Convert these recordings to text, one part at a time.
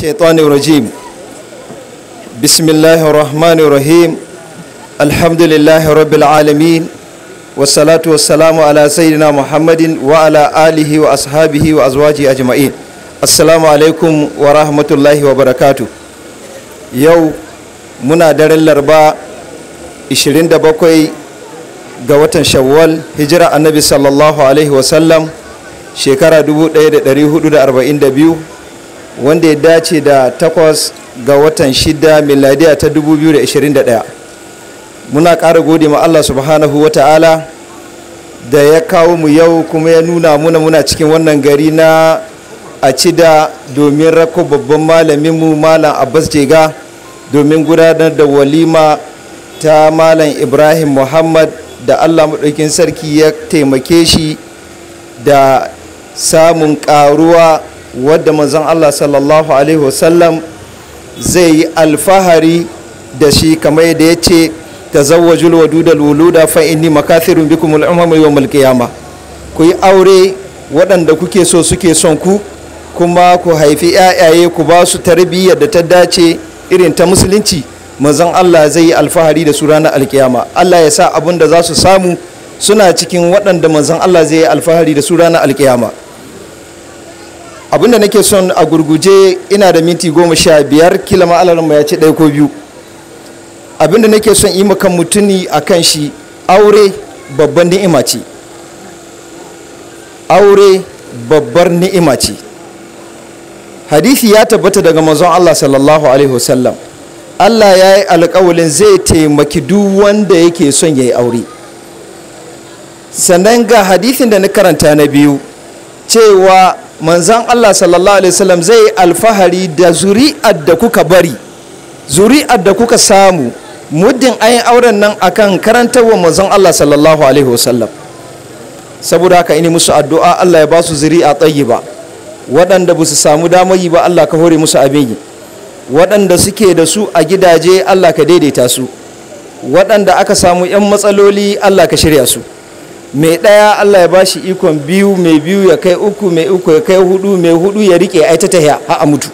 الشيطان الرجيم بسم الله الرحمن الرحيم الحمد لله رب العالمين والصلاة والسلام على سيدنا محمد وعلى آله وأصحابه وأزواجه أجمعين السلام عليكم ورحمة الله وبركاته يو منا دار الأربعاء 27 ga watan shawwal hijira annabi sallallahu alaihi wasallam shekara 1442 wanda ya dace da takwas ga watan shida miladiya ta 2021 muna ƙara gode ma Allah subhanahu wa ta'ala da ya kawo mu yau kuma ya nuna muna muna cikin wannan gari na a cida domin rako babban malaminmu malam abbas jega domin gudanar da walima ta malam ibrahim muhammad da allah maɗaukin sarki ya taimake shi da samun ƙaruwa wadda manzon Allah sallallahu alaihi wasallam zai yi alfahari da shi kamar yadda ya ce tazawwajul waduda da fa inni makathirun bikum al-umam yawm al-qiyama ku yi aure waɗanda kuke so suke son ku kuma ku haifi yayaye ku ba su tarbiyyar da ta dace irin ta musulunci manzon Allah zai yi alfahari da su ranar alkiyama Allah ya sa abin da za su samu suna cikin waɗanda manzon Allah zai yi alfahari da su ranar alkiyama abinda nake son a gurguje ina da minti goma sha biyar kila ma'alarinmu ya ce ɗaya ko biyu abinda nake son yi makan mutuni a kan shi aure babban ni'ima ce aure babbar ni'ima ce hadisi ya tabbata daga manzon Allah sallallahu alaihi wasallam Allah ya yi alkawalin zai taimaki duk wanda yake son ya yi aure sannan ga hadisin da na karanta na biyu cewa manzan Allah sallallahu alaihi wasallam zai alfahari da zuri'ar da kuka bari zuri'ar da kuka samu muddin ayin auren nan akan karantarwa manzan Allah sallallahu alaihi wasallam saboda haka ini musu addu'a Allah ya ba su zuri'a ba. waɗanda ba su samu damar ba Allah ka hore musu abin yi waɗanda suke da su a gidaje Allah ka daidaita su waɗanda aka samu 'yan matsaloli Allah ka shirya su mai ɗaya Allah ya ba shi ikon biyu mai biyu ya kai uku mai uku ya kai hudu mai hudu ya rike ai ta tahiya har a mutu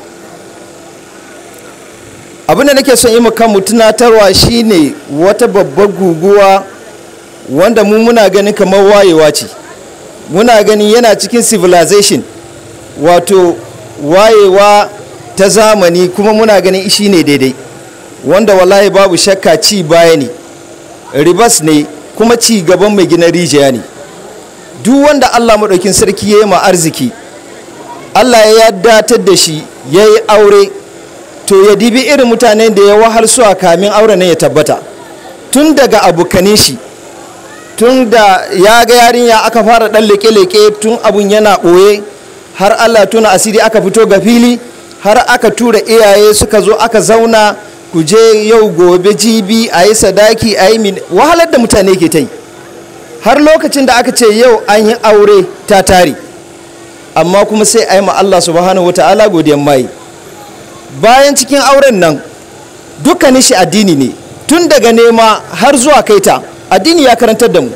abinda nake son yi mu tunatarwa shine wata babbar guguwa wanda mu muna ganin kamar wayewa ce muna ganin yana cikin civilization wato wayewa ta zamani kuma muna ganin shi ne daidai wanda wallahi babu shakka ci baya ne ribas ne kuma ci gaban mai gina rijiya ne duk wanda Allah maɗaukin sarki ya yi ma arziki Allah ya datar da shi ya yi aure to ya dibi irin mutanen da ya wahal suwa kamin aure nan ya tabbata tun daga abokanin shi tun da ya ga yarinya aka fara ɗan leke-leke tun abun yana ɓoye har Allah tuna asiri aka fito ga fili har aka tura iyaye suka zo aka zauna ku je yau gobe jibi a yi sadaki a yi min wahalar da mutane ke ta yi har lokacin da aka ce yau an yi aure ta tare amma kuma sai a yi ma Allah subhanahu wata'ala godiyan mai bayan cikin auren nan dukkanin shi addini ne tun daga nema har zuwa kaita addini ya karantar da mu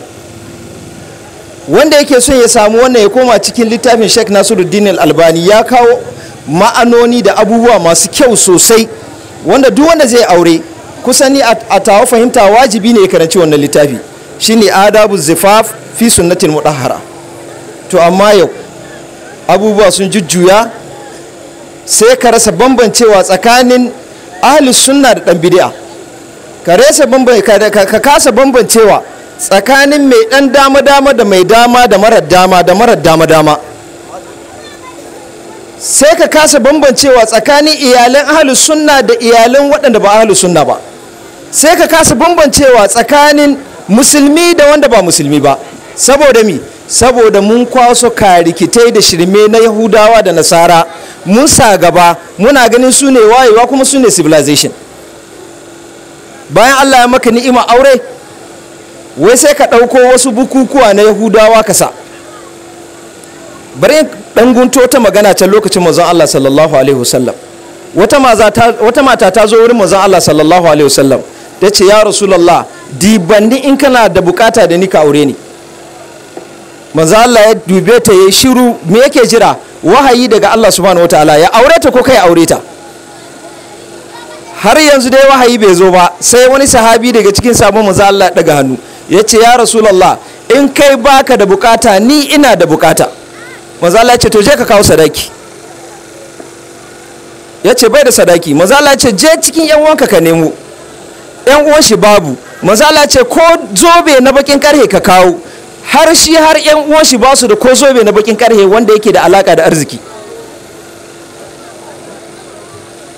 wanda yake son ya samu wannan ya koma cikin littafin Nasiru nasiruddin albani ya kawo ma'anoni da abubuwa masu kyau sosai wanda duk wanda zai aure kusan ni a tawa fahimta wajibi ne ya karanci wannan littafi shine adabu zifaf fi sunnatin mutahara to amma yau abubuwa sun jujjuya sai ka rasa bambancewa tsakanin ahli sunna da dan bid'a ka rasa ka kasa bambancewa tsakanin mai dan dama dama da mai dama da marar dama da marar dama dama sai ka kasa bambancewa tsakanin iyalan ahalus sunna da iyalan waɗanda ba ahalus sunna ba sai ka kasa bambancewa tsakanin musulmi da wanda ba musulmi ba saboda mi saboda mun kwaso karikitai da shirme na yahudawa da nasara mun sa gaba muna ganin su ne wayewa kuma su ne civilization bayan allah ya maka ni'ima aure wai sai ka ɗauko wasu bukukuwa na yahudawa ka sa bari dan gunto ta magana can lokacin manzon Allah sallallahu alaihi wasallam wata mata ta zo wurin manzon Allah sallallahu alaihi wasallam ta ce ya rasulullah dibanni in kana da bukata da ni ka aure ni manzon Allah ya dube ta yayi shiru me yake jira wahayi daga Allah subhanahu wataala ya aure ta ko kai aure ta har yanzu dai wahayi bai zo ba sai wani sahabi daga cikin sabon manzon Allah daga hannu ya ce ya rasulullah in kai baka da bukata ni ina da bukata mazala ce to je ka kawo sadaki ya ce bai da sadaki mazala ce je cikin yan uwanka ka nemo yan uwan shi babu mazala ce ko zobe na bakin karhe ka kawo har shi har yan uwan shi basu da ko zobe na bakin karhe wanda yake da alaka da arziki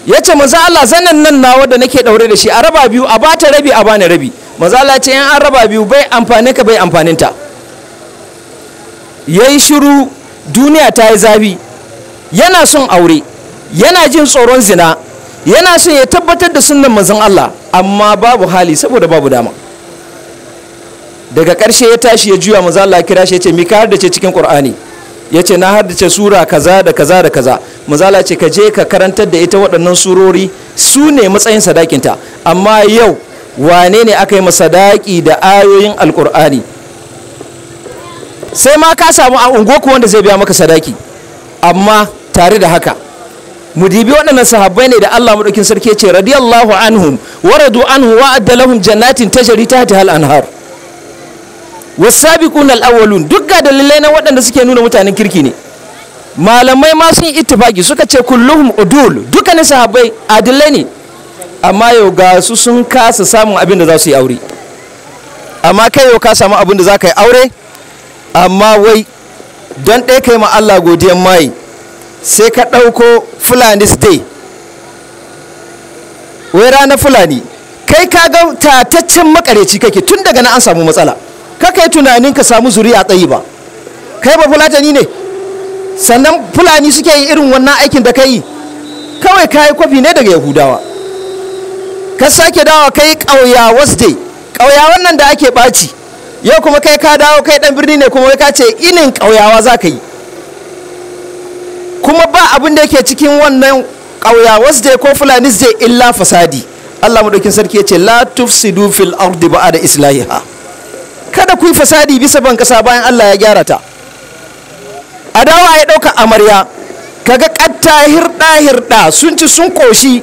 ya ce mazala zanen nan nawa da nake daure da shi a raba biyu a bata rabi a bani rabi mazala ce yan an raba biyu bai amfanin ka bai amfanin ta yayi shiru duniya ta yi zabi yana son aure yana jin tsoron zina yana son ya tabbatar da sunan manzon Allah amma babu hali saboda babu dama daga ƙarshe ya tashi ya juya manzon Allah kira shi ya ce mi ka haddace cikin Qur'ani ya ce na haddace sura kaza da kaza da kaza manzala ce ka je ka karantar da ita waɗannan surori su ne matsayin sadakinta amma yau wane ne aka yi sadaki da ayoyin alkur'ani sai ma ka samu a ku wanda zai biya maka sadaki amma tare da haka mu dibi waɗannan sahabbai ne da Allah madaukin sarki ya ce radiyallahu anhum wa radu anhu wa adda ta jannatin tajri tahtiha al-anhar was-sabiqun al-awwalun duk ga dalilai na waɗanda suke nuna mutanen kirki ne malamai ma sun ittifaki suka ce kulluhum udul dukkanin sahabbai adilai ne amma yau ga su sun kasa samun abin da za su yi aure amma kai yau ka samu abin da za ka yi aure amma wai don ɗaya kai ma Allah godiyan mai sai ka ɗauko fulani day wai ranar fulani kai ka ga tataccen makareci kake tun daga na an samu matsala ka kai tunanin ka samu zuri a tsayi ba kai ba fulatani ne sannan fulani suke yi irin wannan aikin da ka yi kawai ka yi kwafi ne daga yahudawa ka sake dawa kai ƙauya wasday ƙauya wannan da ake ɓaci yau kuma kai ka dawo kai dan birni ne kuma ka ce inin ƙauyawa za ka yi kuma ba abin da yake cikin wannan ƙauyawas je ko fulani je illa fasadi Allah maɗaukin sarki ya ce la tufsidu fil ardi da islahiha kada ku yi fasadi bisa ban kasa bayan Allah ya gyara ta a dawa ya ɗauka amarya ga ƙatta hirɗa hirɗa sun ci sun ƙoshi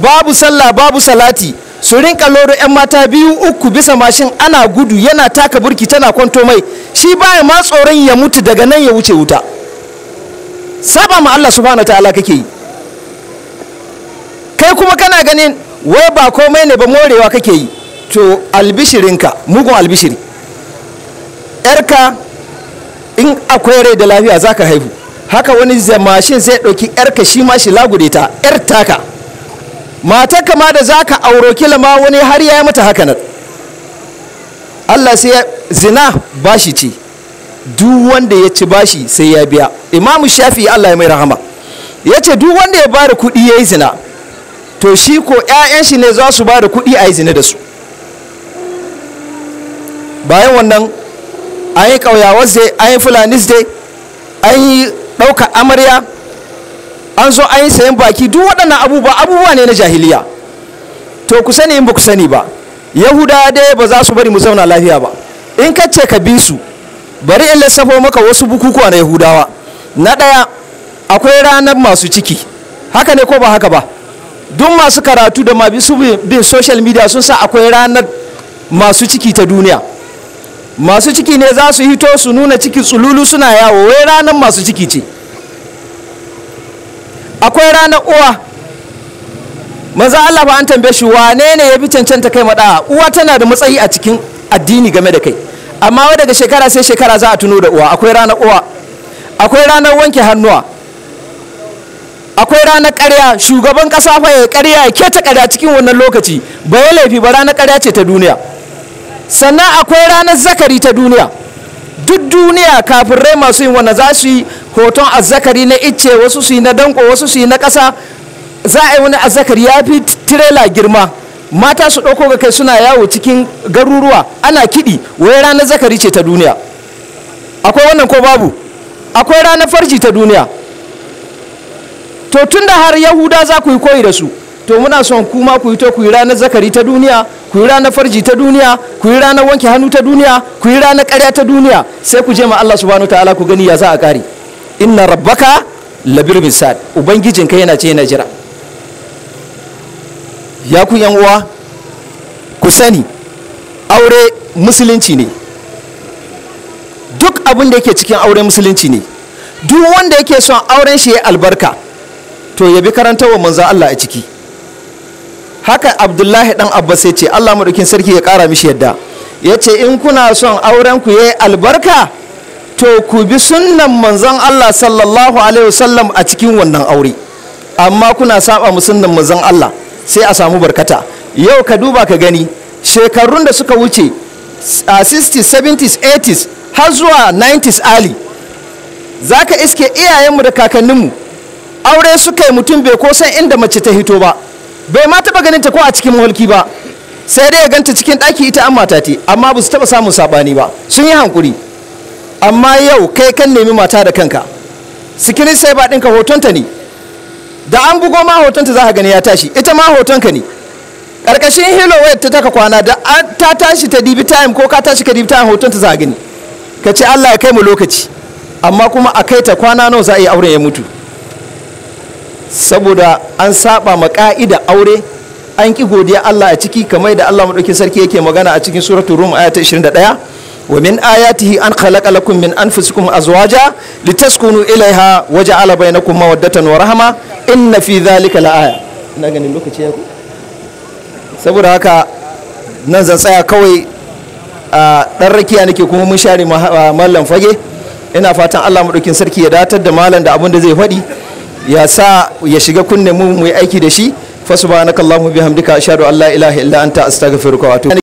babu sallah babu salati su rinka loro 'yan mata biyu uku bisa mashin ana gudu yana taka burki tana kwanto mai shi baya ma tsoron ya mutu daga nan ya wuce wuta saba ma Allah subhanahu ta'ala kake yi kai kuma kana ganin wai ba komai ne ba morewa kake yi to albishirinka mugun albishiri yarka in akwai rai da lafiya zaka haihu haka wani mashin zai ɗauki yarka shi ma shi lagude ta yar taka mata kama da za ka auro kila ma wani har ya yi mata haka nan allah sai zina bashi ce duk wanda ya ci bashi sai ya biya imamu shafi allah ya mai rahama ya ce duk wanda ya bada kuɗi ya yi zina to shi ko 'ya'yan shi ne za su bada kuɗi a yi zina da su bayan wannan an yi ƙauyawar zai an yi fulani dai an yi ɗaukar amarya an zo an yi sayan baki duk waɗannan abubuwa abubuwa ne na jahiliya to ku sani in ba ku sani ba yahuda dai ba za su bari mu zauna lafiya ba in ka ce ka bi su bari in lissafo maka wasu bukukuwa na yahudawa na ɗaya akwai ranar masu ciki haka ne ko ba haka ba duk masu karatu da masu bin social media sun sa akwai ranar masu ciki ta duniya masu ciki ne za su hito su nuna ciki tsululu suna yawo wai ranar masu ciki ce akwai ranar uwa Maza Allah ba an tambaye shi wane ne ya fi cancanta kai maɗa uwa tana da matsayi a cikin addini game da kai amma wai daga shekara sai shekara za a tuno da uwa akwai ranar uwa akwai ranar wanke hannuwa akwai ranar karya shugaban kasa fa ya ƙarya ya keta ƙarya cikin wannan lokaci ba ya laifi ba ranar karya ce ta duniya sannan akwai ranar zakari ta duniya duk duniya kafirai masu yin wannan za su yi hoton azzakari na icce wasu su yi na danko wasu su yi na ƙasa za a yi wani azzakari ya fi tirela girma mata su ɗauko ga kai suna yawo cikin garuruwa ana kiɗi wai ranar zakari ce ta duniya akwai wannan ko babu akwai ranar farji ta duniya to tun da har yahuda za ku yi koyi da su to muna son kuma ku yi to ku yi ranar zakari ta duniya ku yi ranar farji ta duniya ku yi ranar wanke hannu ta duniya ku yi ranar ƙarya ta duniya sai ku je ma Allah subhanahu ta'ala ku gani ya za a kare inna rabbaka labir ubangijin kai yana ce yana jira ya ku yan uwa ku sani aure musulunci ne duk abin da yake cikin aure musulunci ne duk wanda yake son auren shi ya albarka to ya bi wa manzan Allah a ciki haka abdullahi dan abbas ya ce Allah maɗaukin sarki ya ƙara mishi yadda ya ce in kuna son auren ku ya albarka to ku bi sunnan manzon Allah sallallahu alaihi wasallam a cikin wannan aure amma kuna saba mu sunnan manzon Allah sai a samu barkata yau ka duba ka gani shekarun da suka wuce 60s 70s 80s har zuwa 90s ali zaka iske iyayenmu da kakanninmu aure suka yi mutum bai ko san inda mace ta hito ba bai ma taba ganin ta ko a cikin mulki ba sai dai ya ganta cikin ɗaki ita an mata amma ba su taba samun saɓani ba sun yi hankuri amma yau kai kan nemi mata da kanka sikirin sai ba ɗinka hotonta ne da an bugo ma hotonta za ka gani ya tashi ita ma hotonka ne ƙarƙashin hilo ta taka kwana da ta tashi ta dibi time ko ka tashi ka dibi time hotonta za ka gani ka ce allah ya kai mu lokaci amma kuma a kai ta kwana nawa za a yi auren ya mutu saboda an saba ma ka'ida aure an ki godiya allah a ciki kamar da allah maɗaukin sarki yake magana a cikin suratul rum ishirin da 21 wa min ayatihi an khalaqa lakum min anfusikum azwaja litaskunu ilaiha wa ja'ala bainakum mawaddatan wa rahma inna fi dhalika la'aya ina ganin lokaci ya saboda haka nan zan tsaya kawai a dan rakiya nake kuma mun share mallan fage ina fatan Allah madaukin sarki ya datar da malam da abin da zai faɗi ya sa ya shiga kunne mu mu yi aiki da shi fa subhanakallahumma bihamdika ashhadu an la ilaha illa anta astaghfiruka wa atubu